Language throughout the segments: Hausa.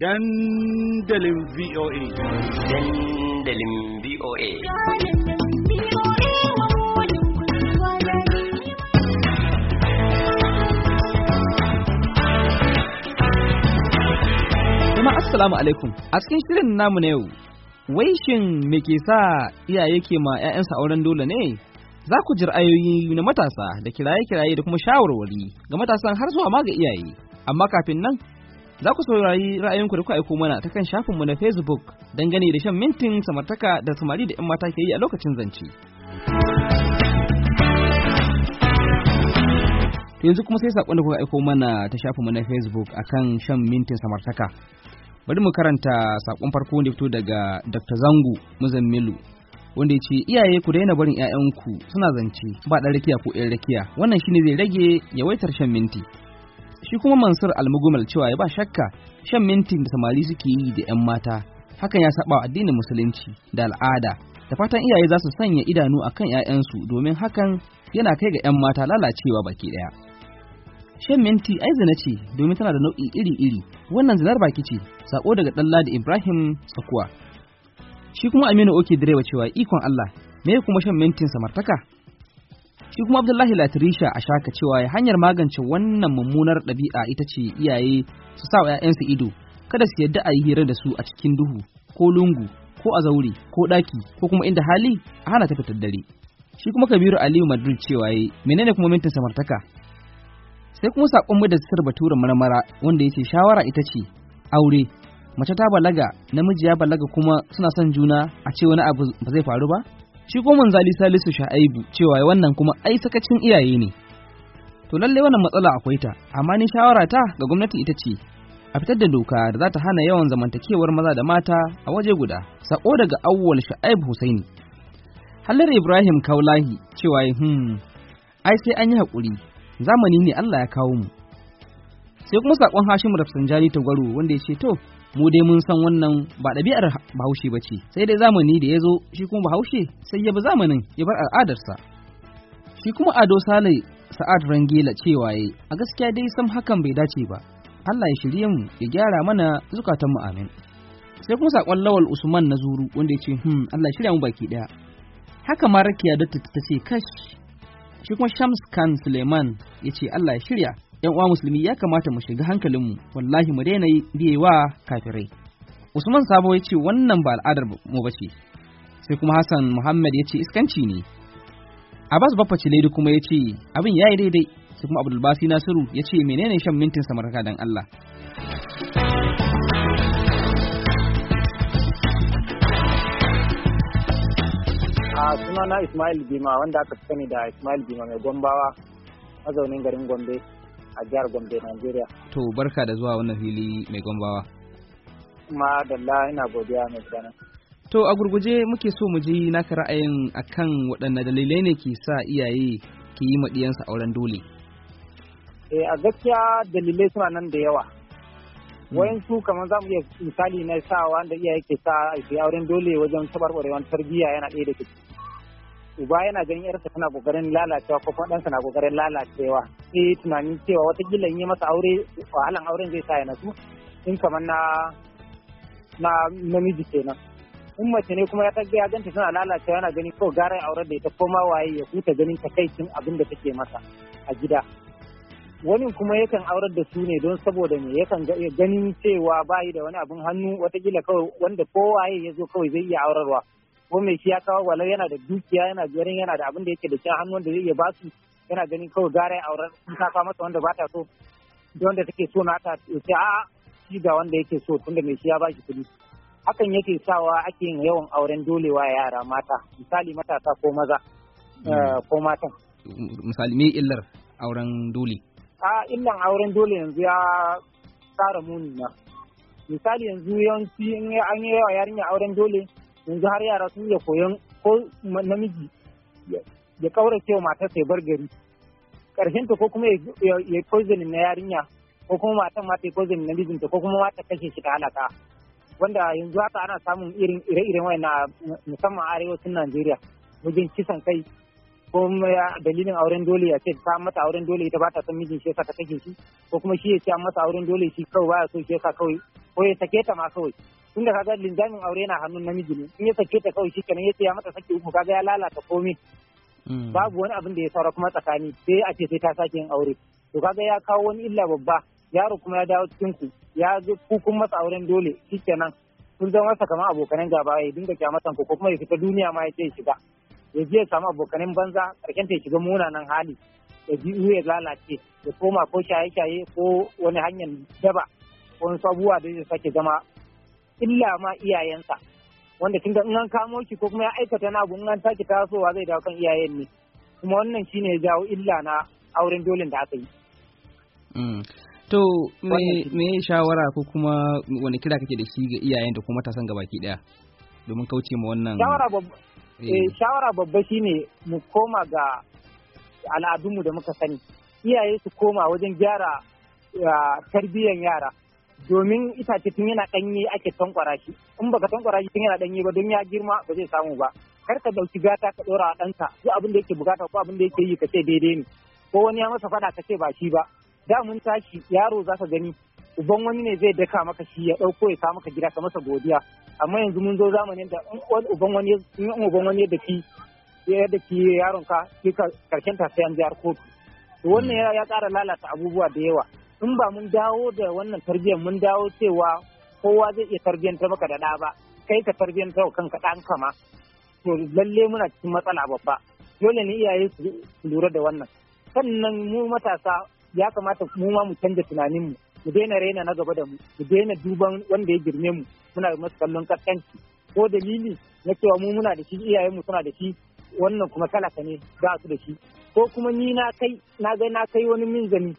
dandalin VOA. Dandalin VOA. Kuma Assalamu alaikum. A cikin shirin namu na yau, wai shin me ke sa iyaye ke ma 'ya'yansa auren dole ne? Za ku ji ra'ayoyi na matasa da kiraye-kiraye da kuma shawarwari ga matasan har zuwa ma ga iyaye. Amma kafin nan za ku saurari ra'ayinku da ku aiko mana ta kan shafinmu na Facebook dangane da shan mintin samartaka da samari da 'yan mata ke yi a lokacin zance. Yanzu kuma sai saƙon da kuka aiko mana ta shafinmu na Facebook akan shan mintin samartaka. Bari mu karanta saƙon farko da fito daga Dr. Zangu Muzammilu wanda ya ce iyaye ku daina barin 'ya'yanku suna zance ba ɗan rakiya ko 'yan rakiya wannan shine zai rage yawaitar shan minti. shi kuma mansur almugumal cewa ya ba shakka shan minti da samari suke yi da 'yan mata hakan ya saba addinin musulunci da al'ada da fatan iyaye za su sanya idanu a kan 'ya'yansu domin hakan yana kai ga 'yan mata lalacewa baki ɗaya shan minti ai zina ce domin tana da nau'i iri-iri wannan zinar baki ce sako daga ɗalla da ibrahim sakuwa shi kuma aminu oke direba cewa ikon allah me kuma shan mintin samartaka shi kuma abdullahi latirisha a shaka cewa hanyar magance wannan mummunar ɗabi'a ita ce iyaye su sa wa 'ya'yansu ido kada su yadda a yi hira da su a cikin duhu ko lungu ko a zaure ko ɗaki ko kuma inda hali a hana ta fitar dare shi kuma kabiru aliyu madrid cewa yi menene kuma mintin samartaka sai kuma saƙon mu da sir batura marmara wanda ya ce shawara ita ce aure mace ta balaga namiji ya balaga kuma suna son juna a ce wani abu ba zai faru ba shi ko manzali salisu sha'aibu cewa wannan kuma ai sakacin iyaye ne to lallai wannan matsala akwai ta amma ni shawara ta ga gwamnati ita ce a fitar da doka da za ta hana yawan zamantakewar maza da mata a waje guda sako daga awwal sha'aibu husaini hallar ibrahim kaulahi cewa hmm ai sai an yi haƙuri zamani ne allah ya kawo mu sai kuma sakon Hashim Rafsanjani Tagwaro wanda ya ce to mu dai mun san wannan ba ɗabi'ar Bahaushe ba ce sai dai zamani da ya zo shi kuma Bahaushe sai ya bi zamanin ya bar al'adarsa shi kuma Ado Sale Sa'ad Rangela cewa ya a gaskiya dai sam hakan bai dace ba Allah ya shirye mu ya gyara mana mu amin sai kuma sakon Lawal Usman na Zuru wanda ya ce hmm Allah ya shirya mu baki ɗaya, haka ma Rakiya Datta ta ce kash shi kuma Shams kan Suleiman ya ce Allah ya shirya yan uwa musulmi ya kamata mu shiga hankalinmu wallahi mu daina biye wa kafirai usman sabo ya ce wannan ba al'adar mu ba ce sai kuma hassan muhammad ya ce iskanci ne abbas baffa cilaidu kuma ya ce abin ya yi daidai sai kuma abdulbasi nasiru ya ce menene shan mintin samarka dan allah a sunana ismail bima wanda aka sani da ismail bima mai gombawa mazaunin garin gombe a jihar Gombe Najeriya. To barka da zuwa wannan fili mai gombawa. Ma dalla ina godiya mai gudanar. To a gurguje muke so mu ji naka ra'ayin a kan waɗanne dalilai ne ke sa iyaye ke yi maɗiyansa auren dole. Eh a gaskiya dalilai suna nan da yawa. Wayan hmm. wayansu kamar za mu iya misali na sa wanda iyaye ke sa a auren dole wajen tabarbarewan tarbiyya yana ɗaya da cikin uba yana ganin yarsa tana kokarin lalacewa ko kuma ɗansa na kokarin lalacewa sai tunanin cewa watakila in yi masa aure wahalan auren zai sa ya nasu in kamar na na namiji kenan in mace ne kuma ya ga ya ganta tana lalacewa yana ganin ko gara ya aurar da ita ko ma waye ya huta ganin takaicin abin da take masa a gida wani kuma yakan aurar da su ne don saboda ne yakan ganin cewa bayi da wani abin hannu watakila kawai wanda kowaye ya zo kawai zai iya aurarwa ko mai shi ya kawo walau yana da dukiya yana jerin yana da abin da yake da shi hannu wanda zai iya ba su yana ganin kawai gara ya auren in ta kawo masa wanda ba ta so da wanda take so na ta ce a shi ga wanda yake so tunda mai shi ya ba shi kuɗi hakan yake sawa ake yin yawan auren dolewa yara mata misali matasa ko maza hmm. eh, ko matan misali me illar auren dole a illan auren dole yanzu ya tsara muni na misali yanzu yawanci in an yi yawa yarinya auren dole yanzu har yara sun iya koyon ko namiji ya kaurace wa matarsa sai bar gari karshen ta ko kuma ya poisoning na yarinya ko kuma matan ma ta yi na mijinta ko kuma mata kashe shi ta halaka wanda yanzu haka ana samun irin ire-iren na musamman arewacin Najeriya wajen kisan kai ko ya dalilin auren dole ya ce ta mata auren dole ita ba ta son mijin shi yasa ta kashe shi ko kuma shi ya ce mata auren dole shi kawai baya so shi yasa kawai ko ya sake ta ma kawai tunda kaga linzamin aure na hannun namiji ne in ya sake ta kawai shi yace ya mata sake uku kaga ya lalata komai hmm. babu wani abin da ya saura kuma tsakani sai a ce sai ta sake yin aure to kaga ya kawo wani illa babba yaro kuma ya dawo cikin ku ya ga ku kun masa auren dole shi kenan sun zama masa kamar abokanan gaba ya dinga kyamatan ku ko kuma ya fita duniya ma ya ce ya shiga ya je ya samu abokanin banza karken ta ya shiga munanan hali ya ji ya lalace ya koma ko shaye-shaye ko wani hanyar daba ko wani sabuwa da ya sake zama illa ma iyayensa wanda kin ga in an kamo ki ko kuma ya aikata na abu in an taki tasowa zai dawo kan iyayen ne kuma wannan shine ya jawo illa na auren dolin da aka yi mm. to me shawara ko kuma wani kira kake da shi ga iyayen da kuma matasan gabaki daya domin kauce ma wannan shawara eh. Eh, babba shine mu koma ga al'adunmu da muka sani iyaye su koma wajen gyara ah, tarbiyyar yara domin itace tun yana ɗanye ake tankwara shi in baka tankwara shi tun yana ɗanye ba don ya girma ba zai samu ba kar ka dauki gata ka ɗora a ɗanka duk abin da yake bukata ko abin da yake yi ka ce daidai ne ko wani ya masa faɗa ka ce ba shi ba da mun tashi yaro za ka gani uban wani ne zai daka maka shi ya ɗauko ya samu ka gida ka masa godiya amma yanzu mun zo zamanin da uban in uban wani yadda ki yadda ki yaron ka ki karshen ta sai an jihar kotu to wannan ya ƙara lalata abubuwa da yawa in ba mun dawo da wannan tarbiyyar mun dawo cewa kowa zai iya tarbiyyantar maka da ɗa ba kai ka tarbiyyantar wa kanka ɗan kama to lalle muna cikin matsala babba dole ne iyaye su lura da wannan sannan mu matasa ya kamata mu ma mu canza tunaninmu mu daina raina na gaba da mu mu daina duban wanda ya girme mu muna masu kallon kaskanci ko dalili na cewa mu muna da shi iyayenmu suna da shi wannan kuma ka ne za su da shi ko kuma ni na kai na ga na kai wani minzani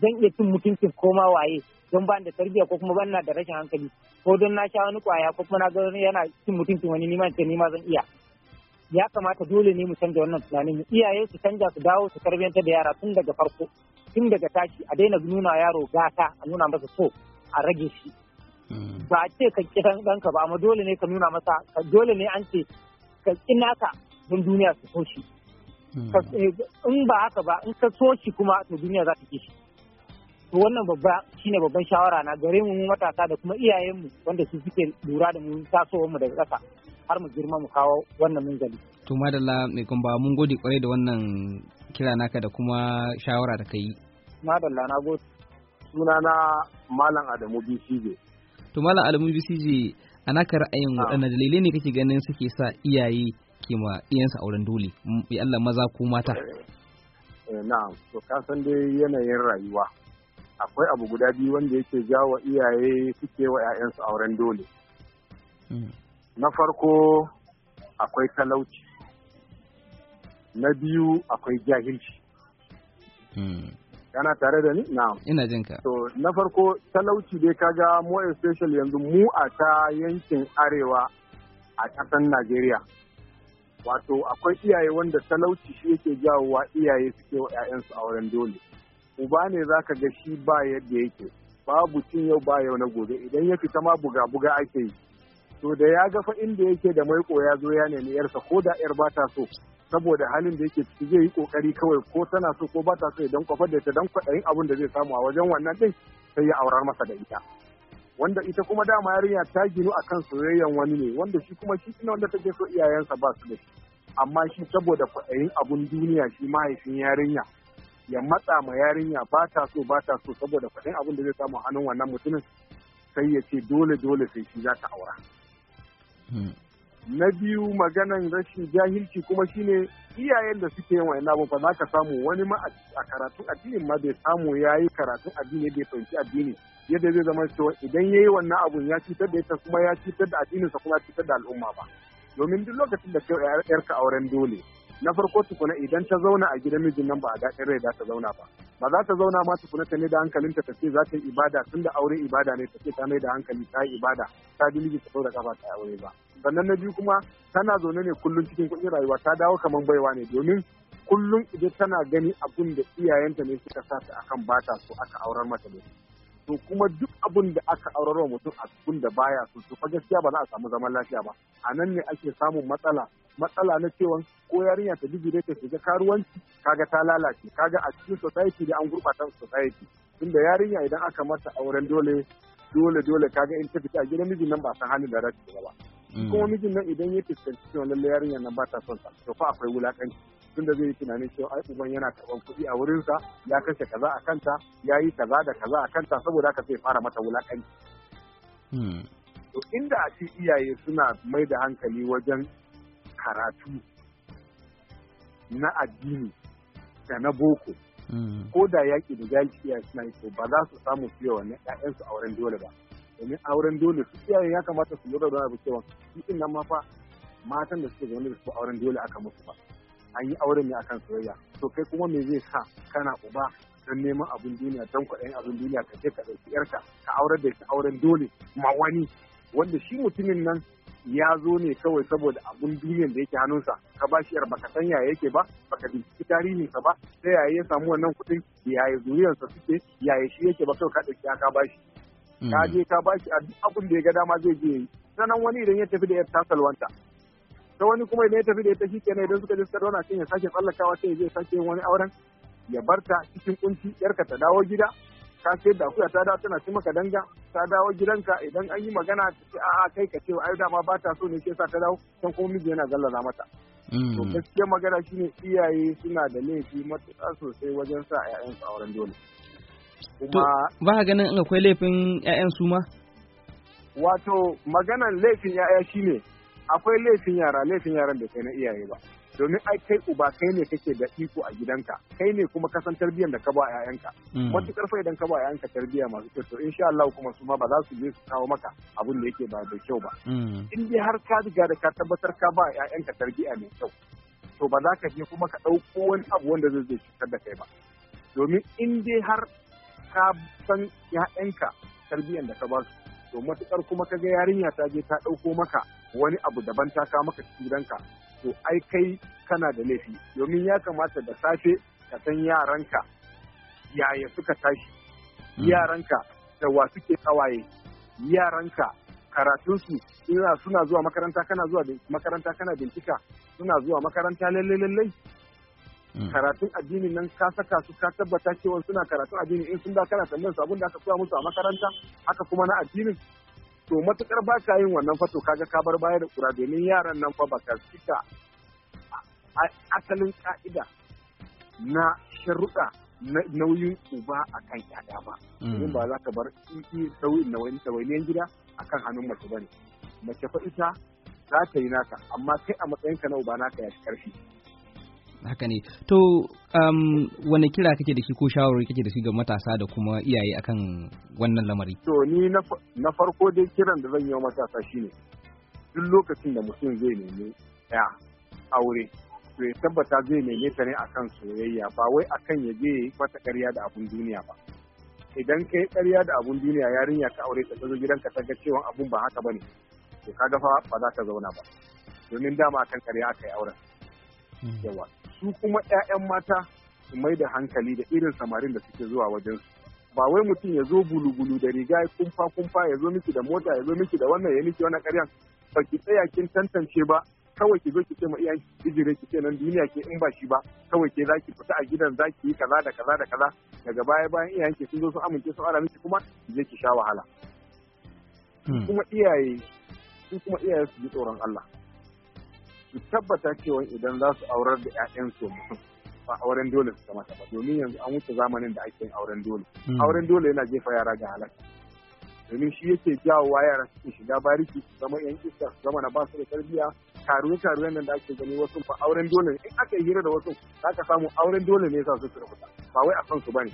zan iya cin mutuncin koma waye don ban da tarbiyya ko kuma bana da rashin hankali ko don na sha wani kwaya ko kuma na ga yana cin mutuncin wani nima ce nima zan iya ya kamata dole ne mu canja wannan tunanin iyaye su canja su dawo su tarbiyyantar da yara tun daga farko tun daga tashi a daina nuna yaro gata a nuna masa so a rage shi mm. ba a ce ka kiran danka ba amma dole ne ka nuna masa dole ne an ce ka kinaka don duniya su so shi mm. eh, in ba haka ba in ka so shi kuma to duniya za ta ki shi To wannan babba shine babban shawara na gare mu matasa da kuma iyayenmu wanda su suke lura da mu tasowar mu daga ƙasa har mu girma mu kawo wannan munzali. To madalla mai kumba mun gode kwarai da wannan kira naka da kuma shawara da kai. Madalla na gode. Suna na Malam Adamu BCJ. To Malam Adamu BCJ a naka ra'ayin waɗanne dalilai ne kake ganin suke sa iyaye ke ma iyansa auren dole? Ya Allah maza ko mata. Eh, eh, na'am, to ka san dai yanayin rayuwa. akwai abu guda biyu wanda yake jawo iyaye suke wa 'ya'yansu auren dole hmm. na farko akwai talauci na biyu akwai jahilci yana hmm. tare da ni na ina jin ka to na farko talauci dai kaga mu especially yanzu mu a ta yankin arewa a ƙasar Najeriya wato akwai iyaye wanda talauci shi yake jawowa iyaye suke wa 'ya'yansu auren dole uba ne za ka ga shi ba yadda yake babu cin yau ba yau na gobe idan ya fita ma buga buga ake yi to da ya ga inda yake da maiko ya zo ya nemi yarsa ko da yar ba ta so saboda halin da yake ciki zai yi kokari kawai ko tana so ko ba ta so idan kwafar da ta dan kwaɗayin abin da zai samu a wajen wannan din sai ya aurar masa da ita wanda ita kuma dama yarinya ta ginu akan soyayyan wani ne wanda shi kuma shi ne wanda take so iyayensa ba su da shi amma shi saboda kwaɗayin abun duniya shi mahaifin yarinya ya matsa ma yarinya ba ta so ba ta so saboda faɗin abin da zai samu hannun wannan mutumin sai ya ce dole dole sai shi za ta aura. Hmm. Na biyu maganan rashin jahilci kuma shine iyayen da suke yin wa'in abin ba za ka samu wani ma a karatun addinin ma bai samu ya yi karatun addini bai fahimci addini yadda zai zama cewa idan ya yi wannan abun ya cutar da ita kuma ya cutar da addininsa kuma ya cutar da al'umma ba. Domin duk lokacin da ka 'yarka auren dole na farko tukuna idan ta zauna a gidan mijin nan ba a daɗin rai za ta zauna ba ba za ta zauna ma tukuna ta ne da hankalinta ta ce za ta yi ibada tun da aure ibada ne ta ce ta mai da hankali ta yi ibada ta bi miji ta da kafa ta aure ba sannan na biyu kuma tana zaune ne kullum cikin kuɗin rayuwa ta dawo kamar baiwa ne domin kullum idan tana gani abin da iyayenta ne suka sa ta akan bata so aka aurar mata ne to kuma duk abun da aka aurar wa mutum a cikin da baya so to fa gaskiya ba za a samu zaman lafiya ba a nan ne ake samun matsala matsala na cewa ko yarinya ta bijire ta shiga karuwanci kaga ta lalace kaga a cikin society da an gurɓata society tunda yarinya idan aka mata auren dole dole dole kaga in ta fita a gidan mijin nan ba san halin da za ta ba mm. kuma mijin nan idan ya fuskanci cewa lalle yarinya nan ba ta son sa to fa akwai wulakanci tunda zai yi tunanin cewa ai uban yana karɓan kuɗi a wurinsa ya kashe kaza a kanta ya yi kaza da kaza a kanta saboda haka sai fara mata wulakanci hmm. to inda a ce iyaye suna mai da hankali wajen karatu na addini da na boko mm. ko da yaƙi da jahilci ya suna yi ba za su samu fiye wa yayansu auren dole ba domin auren dole su iyaye ya kamata su lura da abu cewa su ɗin nan ma matan da suke zaune da su auren dole aka musu ba an yi auren ne akan soyayya to kai kuma me zai sa kana uba don neman abin duniya don kwaɗayin abin duniya ka je ka ɗauki yarka ka aurar da shi auren dole ma wani wanda shi mutumin nan ya zo ne kawai saboda abun duniyar da yake hannunsa ka ba shi ba baka san yaya yake ba baka binciki tarihin sa ba sai yaya ya samu wannan kuɗin yaya zuriyarsa suke yaya shi yake ba kawai ka ɗauki ka ba shi hmm. ka je ka ba shi abun da ya ga dama zai je yi sanan wani idan ya tafi da yar tasalwanta ta wani kuma idan ya tafi da ita shi kenan idan suka je suka dauna sai ya sake tsallakawa sai ya je sake wani auren ya barta cikin kunci yarka ta dawo gida ka ce da akuya ta dawo tana ci maka danga ta dawo gidanka idan an yi magana ta ce a'a kai ka ce ai dama ba ta so ne sai sa ta dawo can kuma miji yana gallaza mata mm. to gaskiya magana shine iyaye suna da laifi matuƙa sosai wajen sa 'ya'yansu auren dole kuma ba ganin akwai laifin ƴaƴan su ma wato maganan laifin 'ya'ya shine akwai laifin yara laifin yaran da kai na iyaye ba domin ai kai uba kai ne kake da iko a gidanka kai ne kuma kasan tarbiyyar da ka ba yayanka mm. matukar karfa idan ka ba yayanka tarbiyya masu kyau to insha Allah kuma su ma ba za su je su kawo maka abin da yake ba da kyau ba mm. in dai har ka riga da ka tabbatar ka ba yayanka tarbiyya mai kyau to ba za ka je kuma ka ɗauko wani abu wanda zai zai cutar da kai ba domin in dai har ka san yayanka tarbiyyar da ka ba su to matukar kuma ka ga yarinya ta je ta ɗauko maka wani abu daban ta kawo maka gidanka to ai kai kana da laifi domin ya kamata da safe ka san yaranka yaya suka tashi hmm. yaranka da wa suke kawaye yaranka karatunsu ina suna zuwa makaranta kana zuwa makaranta kana bincika suna zuwa makaranta lalle lalle hmm. karatun addini nan ka saka su ka tabbata cewa suna karatun addini in sun da kana tambayar su da aka koya musu a makaranta haka kuma na addinin to matukar ba ka yin wannan fato kaga ka bar baya da kura domin yaran nan fa baka cika asalin ka'ida na sharuɗa nauyin uba a kan ƴaƴa ba hmm. domin ba za ka bar ɗawainiyar gida a kan hannun mace ba ne mace fa ita za ta yi naka amma kai a matsayinka na uba naka ya fi ƙarfi haka ne to um, wani kira kake da shi ko shawarwari kake da shi ga matasa da kuma iyaye akan wannan lamari to ni na farko dai kiran da zan yi wa matasa shine duk lokacin da mutum zai nemi ya aure to ya tabbata zai neme ta ne akan soyayya ba wai akan ya je wata karya da abun duniya ba idan kai ƙarya da abun duniya yarinya ka aure ta zo gidanka ta ga cewa abun ba haka bane to kaga fa ba za ka zauna ba domin dama akan karya aka yi auren hmm. yawa su kuma 'ya'yan mata su mai da hankali da irin samarin da suke zuwa wajen su ba wai mutum ya zo bulu-bulu da riga ya kumfa kumfa ya zo miki da mota ya zo miki da wannan ya miki wannan ƙaryan. ba ki tsaya kin tantance ba kawai ki zo ki ce ma iyayen ki ki ce nan duniya ke in ba shi ba kawai ke zaki fita a gidan zaki yi kaza da kaza da kaza daga baya bayan iyayen ki sun zo sun amince sun ara miki kuma ki je ki sha wahala hmm. su kuma iyaye su ji tsoron Allah su tabbata cewa idan za su aurar da 'ya'yansu ba auren dole su kamata ba domin yanzu an wuce zamanin da ake yin auren dole hmm. auren dole yana jefa yara ga halaka domin shi yake jawowa yara suke shiga bariki su zama yan iska su zama na ba su da tarbiyya karuwa karuwan nan da ake gani wasu fa auren dole in aka yi hira da wasu za ka samu auren dole ne yasa su su rubuta ba wai a san su bane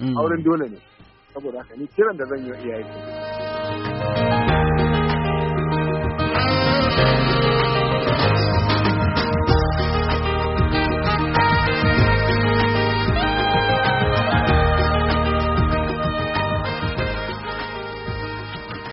hmm. auren dole ne saboda haka ni kiran da zan yi iyaye